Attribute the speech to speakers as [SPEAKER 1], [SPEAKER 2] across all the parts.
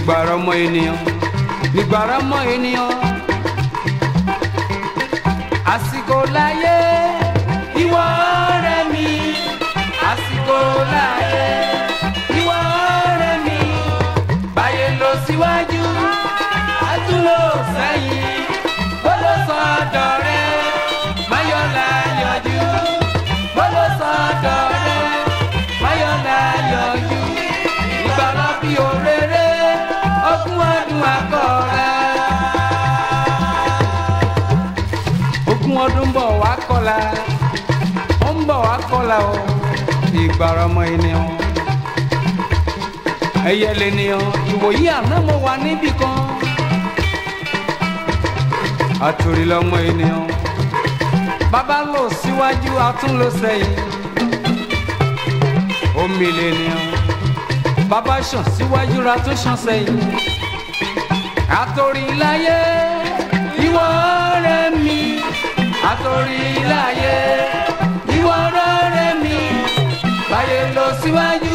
[SPEAKER 1] gbàrà ọmọ ènìyàn ní gbàrà ọmọ ènìyàn àsìkò láyé ìwọ rẹ mi àsìkò láyé ìwọ rẹ mi báyé lọ síwájú àtúlò sẹ́yìn gbọ́dọ̀ sọdọ. la o ìgbàrà ọmọ ènìyàn ẹyẹ lènìyàn ìwòyí àná mo wà níbì kan àtòrí lọmọ ènìyàn bàbá lọ síwájú atún lọ sẹ́yìn omi lènìyàn bàbá ṣàn síwájú ra tún ṣàn sẹ́yìn àtòrí láyé ìwọ rẹ mi àtòrí láyé ìwọ rere mi báyé lọ síwájú.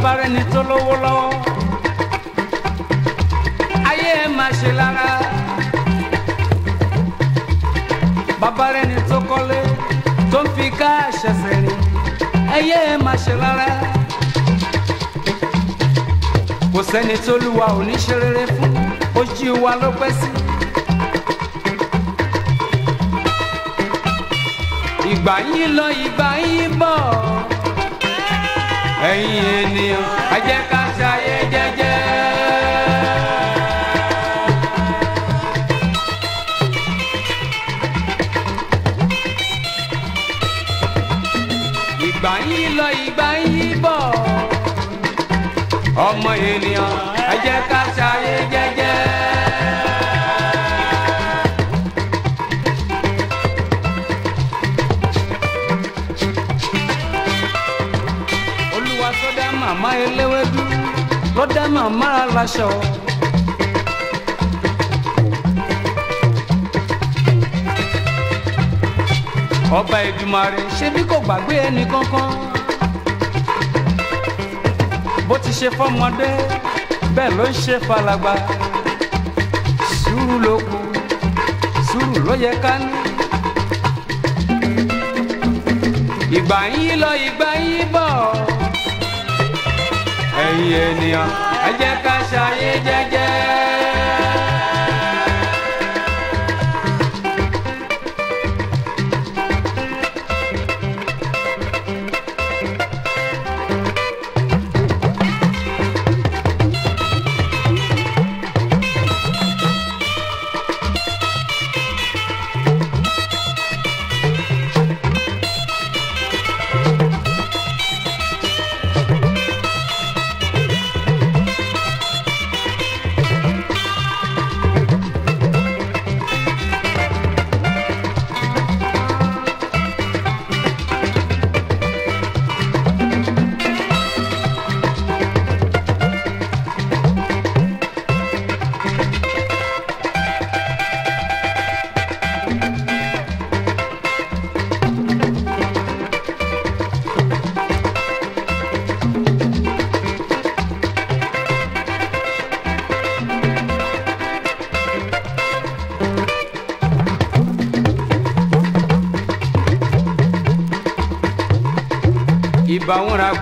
[SPEAKER 1] bára ni tó lówó lọ́wọ́ ayé ẹ ni tó kọ́lé tó ń fi ká àṣẹṣẹ ni ayé ẹ máa ṣe lára kò sẹ́ni tó lùwà oníṣẹ́ rere fún ojú wa ló pẹ́ ìgbà yín lọ ìgbà yín bọ̀ ẹ̀yin ènìyàn ẹ jẹ́ ká ṣayé jẹ́jẹ́. ìgbà yín lọ ìgbà yín bọ̀ ọmọ ènìyàn ẹ ká ṣayé jẹ́jẹ́. Mama eléwédú ló dá màmá aláṣọ. ọba Èdùmàrè ṣe bí kò gbàgbé ẹnì kankan bó ti ṣe fọmọdé bẹ́ẹ̀ ló ń ṣe falagba sùúrù ló kù sùúrù ló yẹ ká ní. ìgbà yín lọ ìgbà yín bọ̀ ẹ̀yin ènìyàn ẹ jẹ́ ká ṣayé jẹ́jẹ́.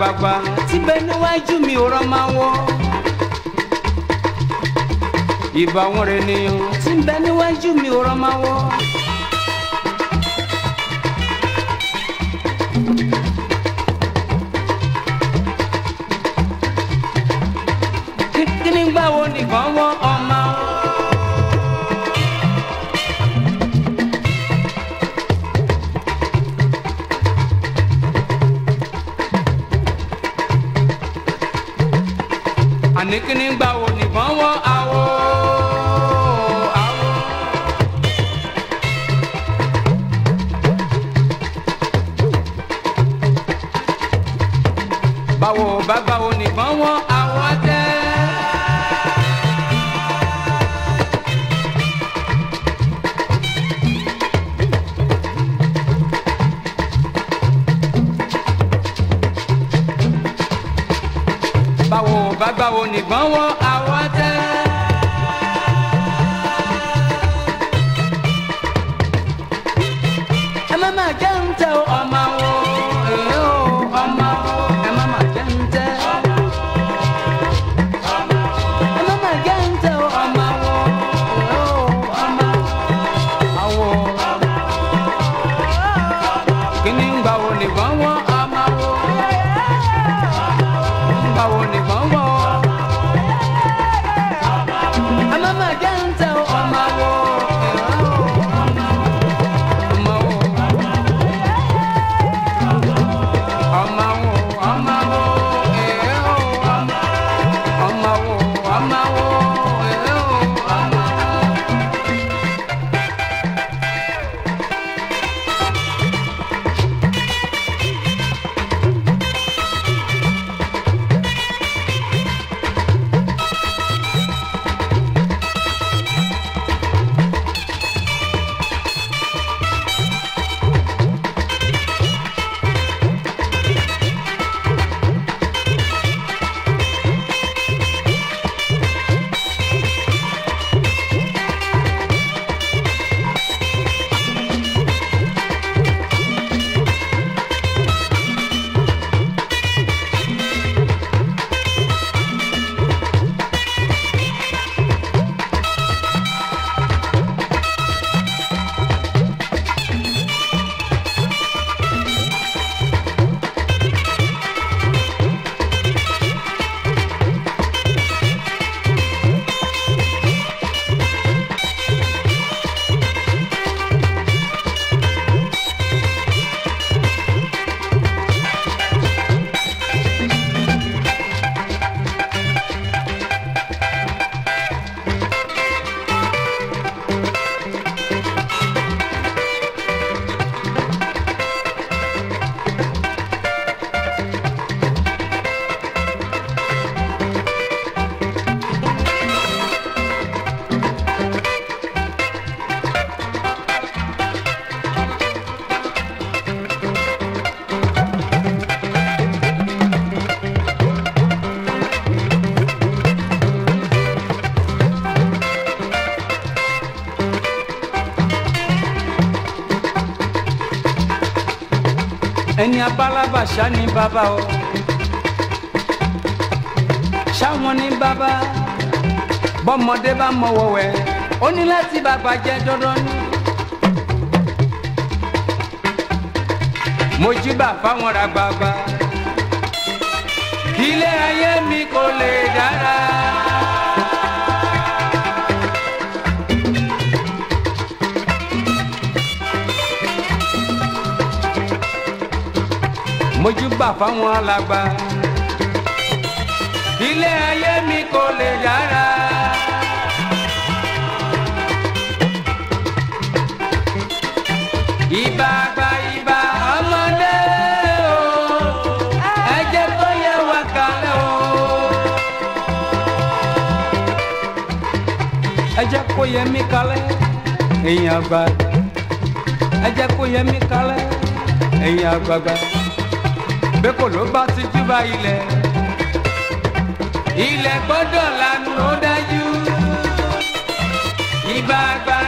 [SPEAKER 1] bàbá tí bẹ níwájú mi ò rán máa wọ́. ìbáwọn rẹ nìyẹn tí bẹ níwájú mi ò rán máa wọ́. kíni gbàwo nìkan wọ́. àníkíní gbà wo nìbọn wọ́n àwọ̀ àwọ̀. báwo bá gbà wo nìbọn wọ́n. nigbọn wọ Labalábá ṣá ni bàbá o ṣáwọn ni bàbá bọ́mọdé bá mọwọ́ wẹ̀ ó ní láti bàbá jẹ́ dandan ni. mo jí bà fáwọn ra bàbá kílẹ̀ ayé mi kò lè dára. mojúbà fáwọn alàgbà ilé ayé mi kò lè yára. ìbà àgbà ìbà ọmọdé o ẹ jẹ́ kó yẹ wá kalẹ̀ o. ẹ jẹ́ kó yẹ mí kalẹ̀ èèyàn àgbà ẹ jẹ́ kó yẹ mí kalẹ̀ èèyàn àgbàgbà bẹ́kọ̀ ló bá ti júbà ilẹ̀ ilẹ̀ gbọ́dọ̀ lanu ó dájú ìbá àgbà.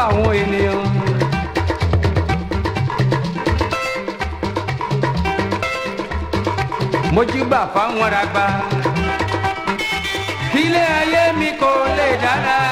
[SPEAKER 1] bá àwọn ènìyàn. mo jí gbà fáwọn ragba kílé ayé mi kò lè dára.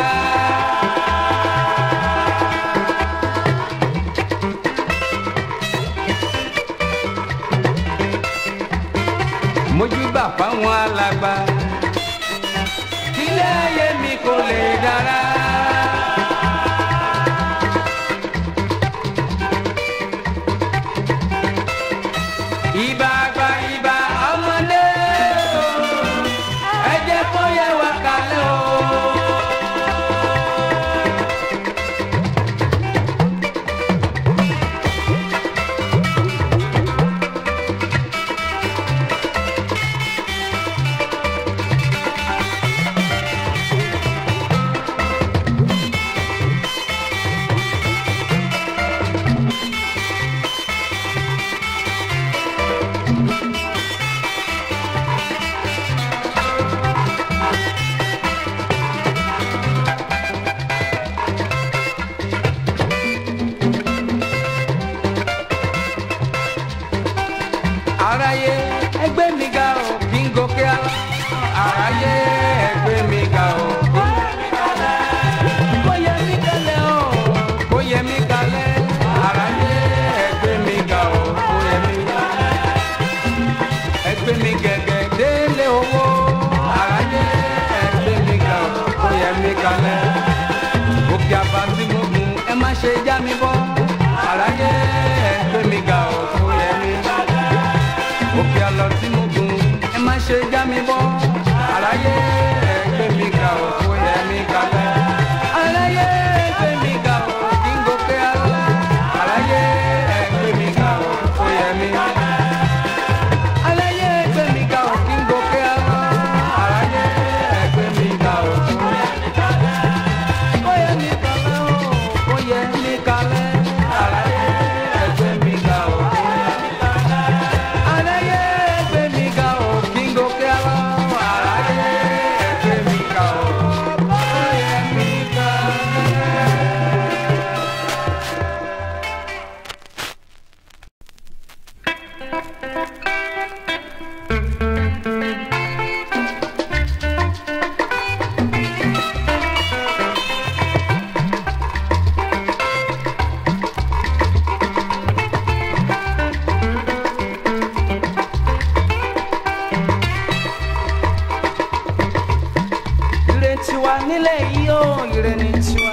[SPEAKER 1] tiwa nílẹ̀ yìí o ire ni tiwa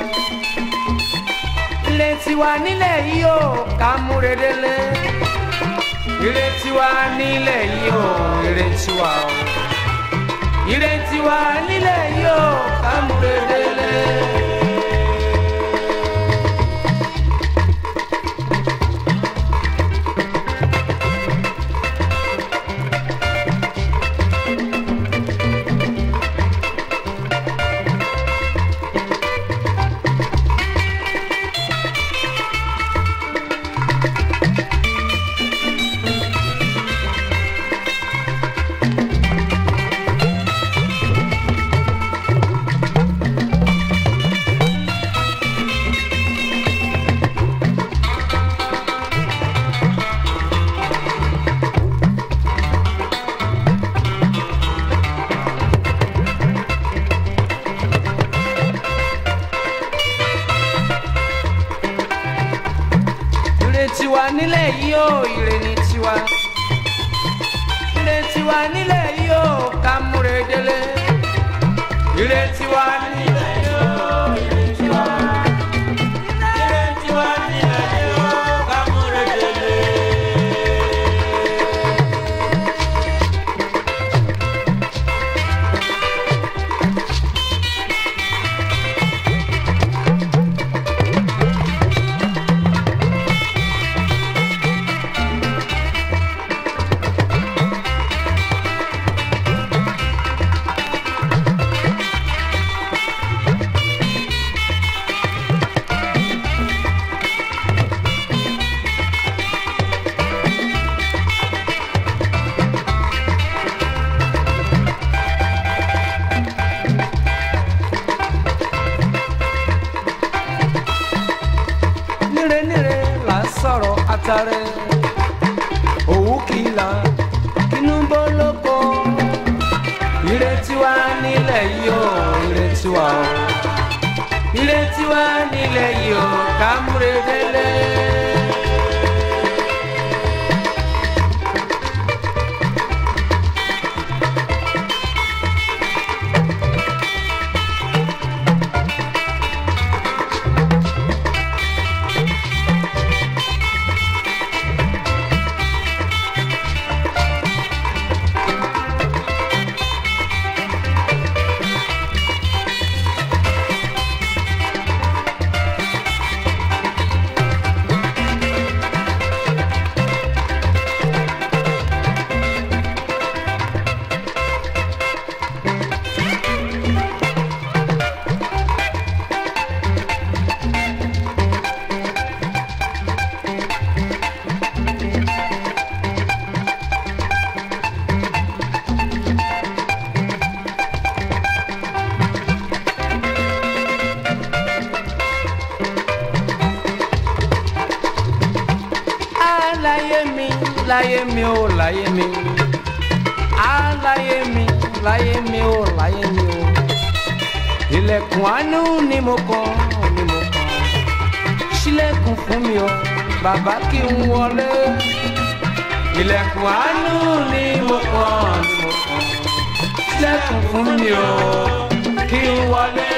[SPEAKER 1] ilé tiwa nílẹ̀ yìí o ká mú redele ire tiwa nílẹ̀ yìí o ire tiwa o ire tiwa nílẹ̀ yìí o ká mú redele. tiwa nílẹ̀ yìí ó ire ní tiwa ire tiwa nílẹ̀ yìí ó ká múre délé ire tiwa nílẹ̀. ìrètí wa nílẹ̀ yìí o ìrètí wa o ìrètí wa nílẹ̀ yìí o kàmúrè láyé mi ó láyé mi á láyé mi láyé mi ó láyé mi ó ilẹ̀kùn àánú ni mo kàn ni mo kàn ṣílẹ̀kùn fún mi o bàbá kí n wọlé ilẹ̀kùn àánú ni mo kàn ni mo kàn ṣílẹ̀kùn fún mi o kí n wọlé.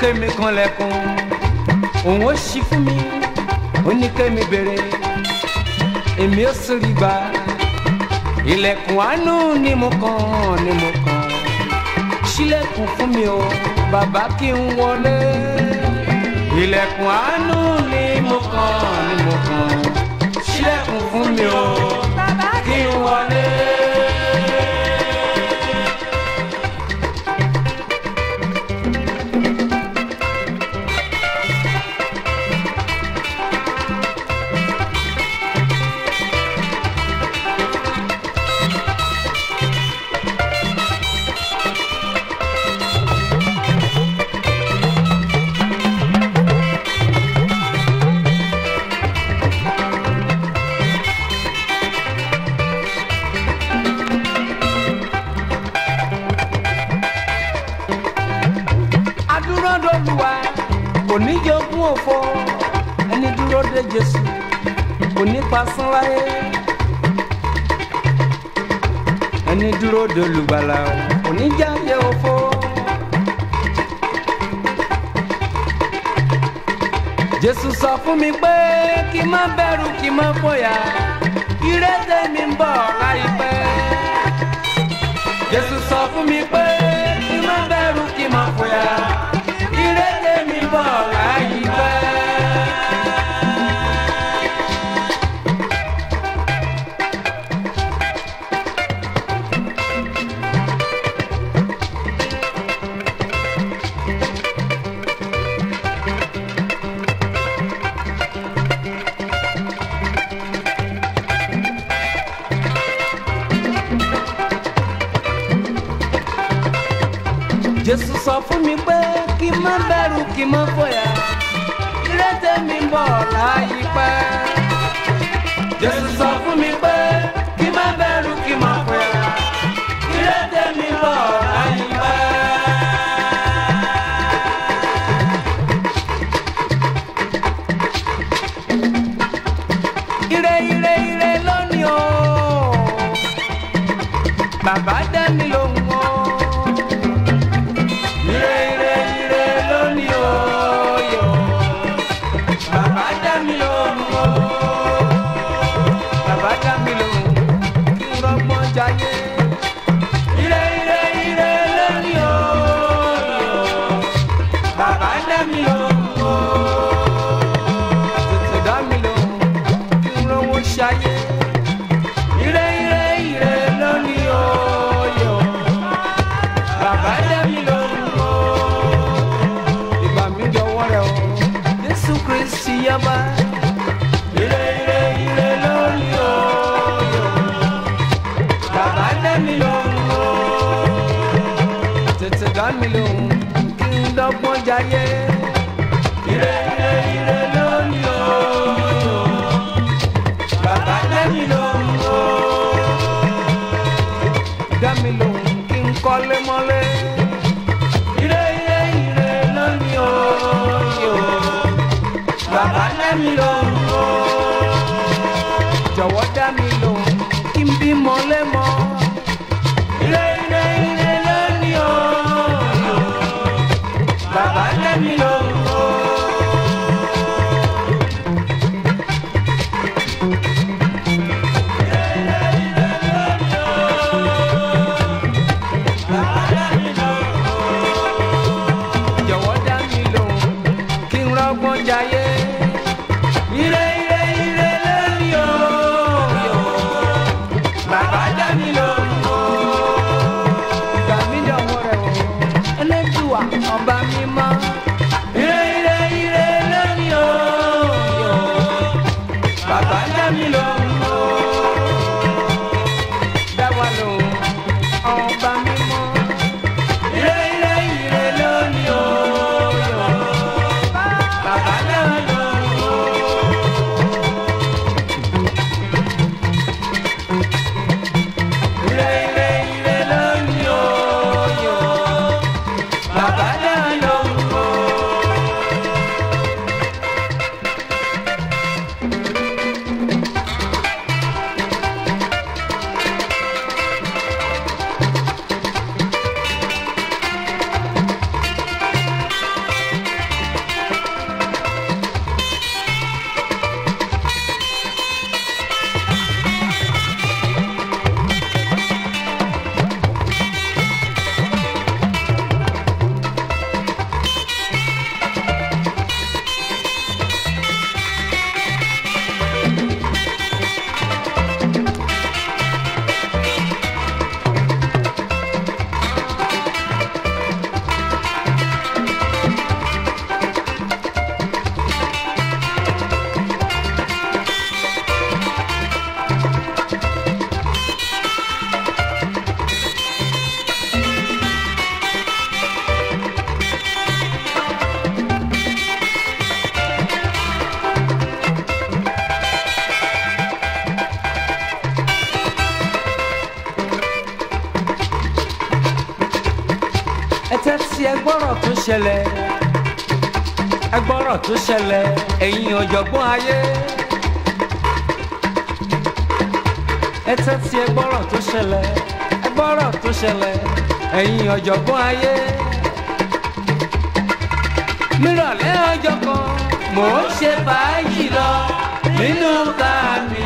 [SPEAKER 1] kémi kan lẹ́kùn òun ó ṣí fún mi ó ní kémi béèrè èmi ó sórí gbà ilẹ̀kùn àánú ni mo kàn ni mo kàn ṣílẹ̀kùn fún mi o bàbá kí n wọlé ilẹ̀kùn àánú ni mo kàn ni mo kàn ṣílẹ̀kùn fún mi o bàbá kí n wọlé. kò ní jogún òfò ẹni dúró de Jésù kò ní pasán láyé ẹni dúró de olùgbàlà kò ní jáde òfò. Jésù sọ fún mi pé kí n má bẹ̀rù kí n má fòyà ìrètè mi ń bọ̀ láìpẹ́. Jésù sọ fún mi pé kí n má bẹ̀rù kí n má fòyà. Jesus só foi me bem. kí má bẹ̀rù kí má fòyà ilé tèmi ń bọ̀ láyé pẹ́. Jésù sọ fún mi pé kí má bẹ̀rù kí má fòyà ilé tèmi ń bọ̀ láyé pẹ́. Ire ire ire lónìí o, bàbá dẹ́mi. Danilo. ṣẹlẹ̀ ẹ gbọ́rọ̀ tó ṣẹlẹ̀ ẹ̀yin ọ̀jọ̀gbọ́n ayé. ẹ tẹ́tí ẹ gbọ́rọ̀ tó ṣẹlẹ̀ ẹ gbọ́rọ̀ tó ṣẹlẹ̀ ẹ̀yin ọ̀jọ̀gbọ́n ayé. nírọ̀lẹ́ ọjọ́ kan mò ń ṣe fàájì lọ nínú káàmì.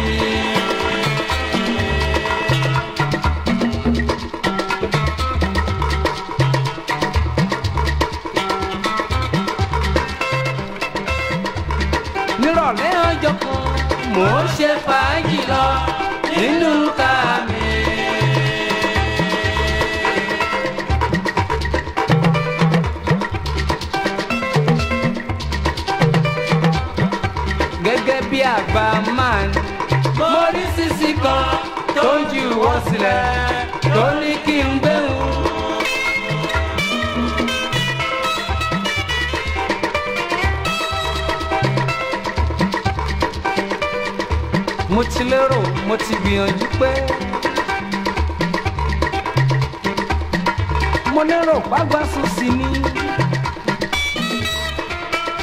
[SPEAKER 1] jókòó mò ń ṣe fàájì lọ nínú ká mi. gẹ́gẹ́ bí àgbà máa ń mo rí sisi kan tó ń ju ìwọ sílẹ̀ tó ní kí n gbẹ̀hùn. mo ti lérò mo ti gbìyànjú pé. mo lérò gbàgbà sùn sí ni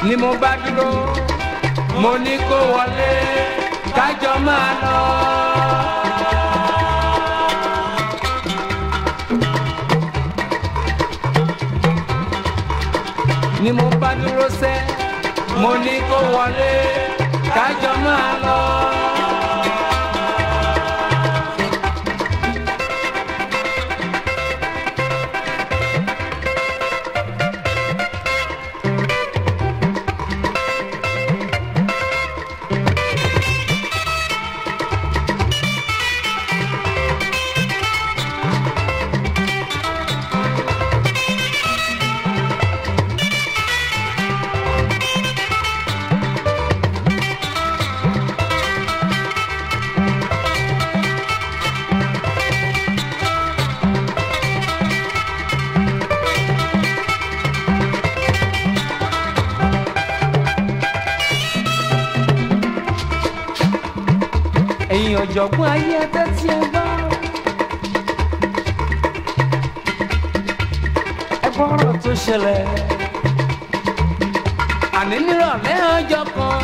[SPEAKER 1] ni mo bá dúró mo ní kó wọlé kájọ máa lọ. ni mo bá dúró sẹ́ mo ní kó wọlé kájọ máa lọ. ọ̀jọ̀gbọ́n ayé ẹgbẹ́ tí ẹ gbọ́. ẹgbọ́n ọ̀rọ̀ tó ṣẹlẹ̀ àní nírọ̀lẹ́ ọjọ́ kan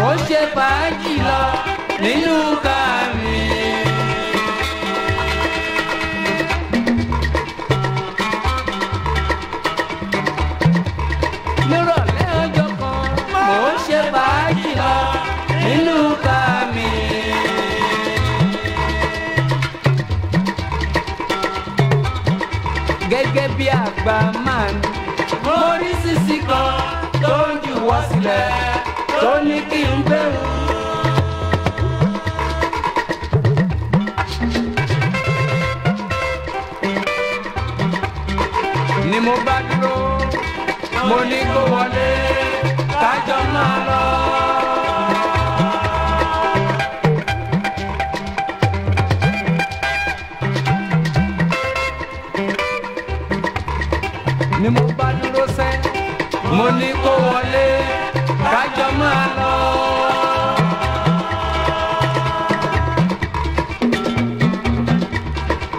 [SPEAKER 1] wọ́n ṣe fàájì lọ nínú kàmí. mo ní kó wọlé kájọ máa lọ. ni mo bá dúró sẹ́ mo ní kó wọlé kájọ máa lọ.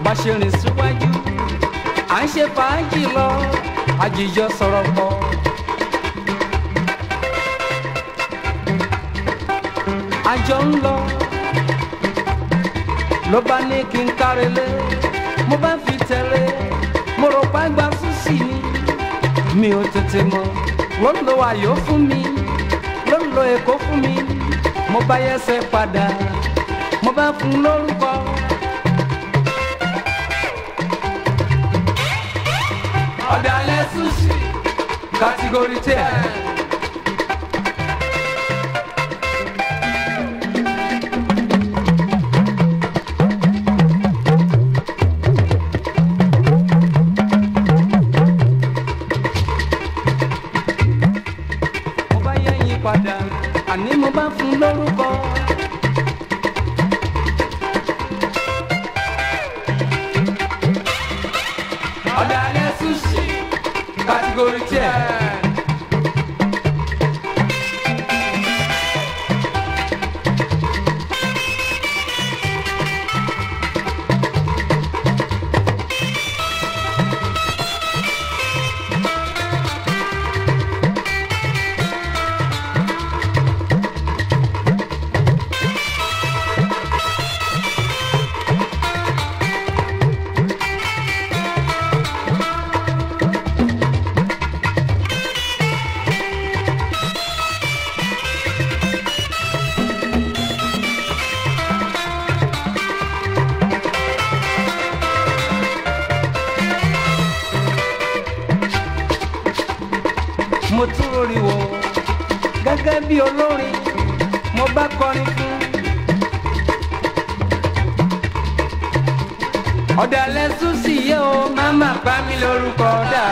[SPEAKER 1] bá ṣe rìn síwájú à ń ṣe fàájì lọ àjíjọ sọ̀rọ̀ pọ̀. àjọ ń lọ ló bá ní kí n kárelé mo bá fi tẹ̀lé mo rò pa gba súsì ni mi ò tètè mọ̀ ló ń lo ayò fún mi ló èkó fún mi mo bá yẹsẹ̀ padà mo bá fún lórúkọ. sushi category 10 mi lórúkọ dà.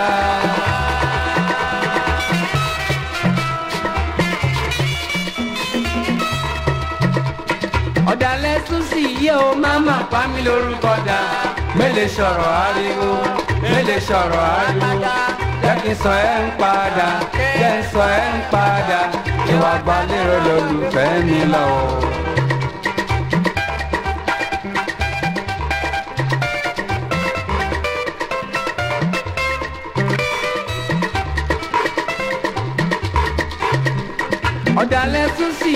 [SPEAKER 1] ọ̀dàlẹ̀ tún sì yé o má má pa mi lórúkọ dà. mélèé sọ̀rọ̀ ariwo mélèé sọ̀rọ̀ ariwo jẹ́ kí n sọ ẹ́ ń padà jẹ́ sọ ẹ́ ń padà ìwà gbalẹ̀ rẹ̀ lọ́lùfẹ́ mi lọ́wọ́.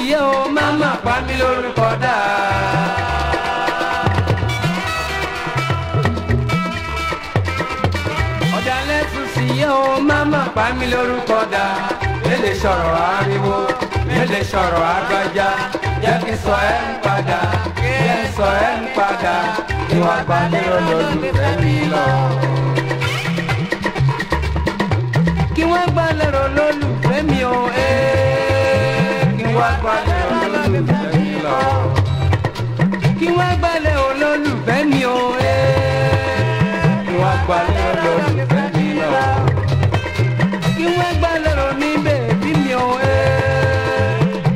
[SPEAKER 1] yẹ o má má pa mí lórúkọ dà. ọ̀dàlẹ̀ tún sì yẹ o má má pa mí lórúkọ dà. mélè sọ̀rọ̀ ariwo mélè sọ̀rọ̀ agbájá jẹ́ kí sọ ẹ́ ń padà jẹ́ sọ ẹ́ ń padà ìwà gbàlérò lólùfẹ́ mi lọ. kí wọ́n gbàlérò lólùfẹ́ mi o. Eh wá gbalẹ̀ olólùfẹ́ mi lọ. kí wá gbalẹ̀ olólùfẹ́ mi o. kí wá gbalẹ̀ olólùfẹ́ mi lọ. kí wá gbalẹ̀ omi bèbí mi o.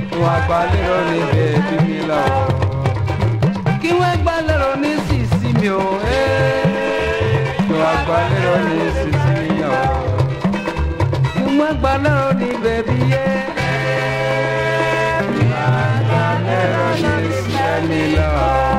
[SPEAKER 1] kí wá gbalẹ̀ omi bèbí mi lọ. kí wá gbalẹ̀ omi sísí mi o. kí wá gbalẹ̀ omi sísí mi lọ. kí wá gbalẹ̀ omi bèbí. me love.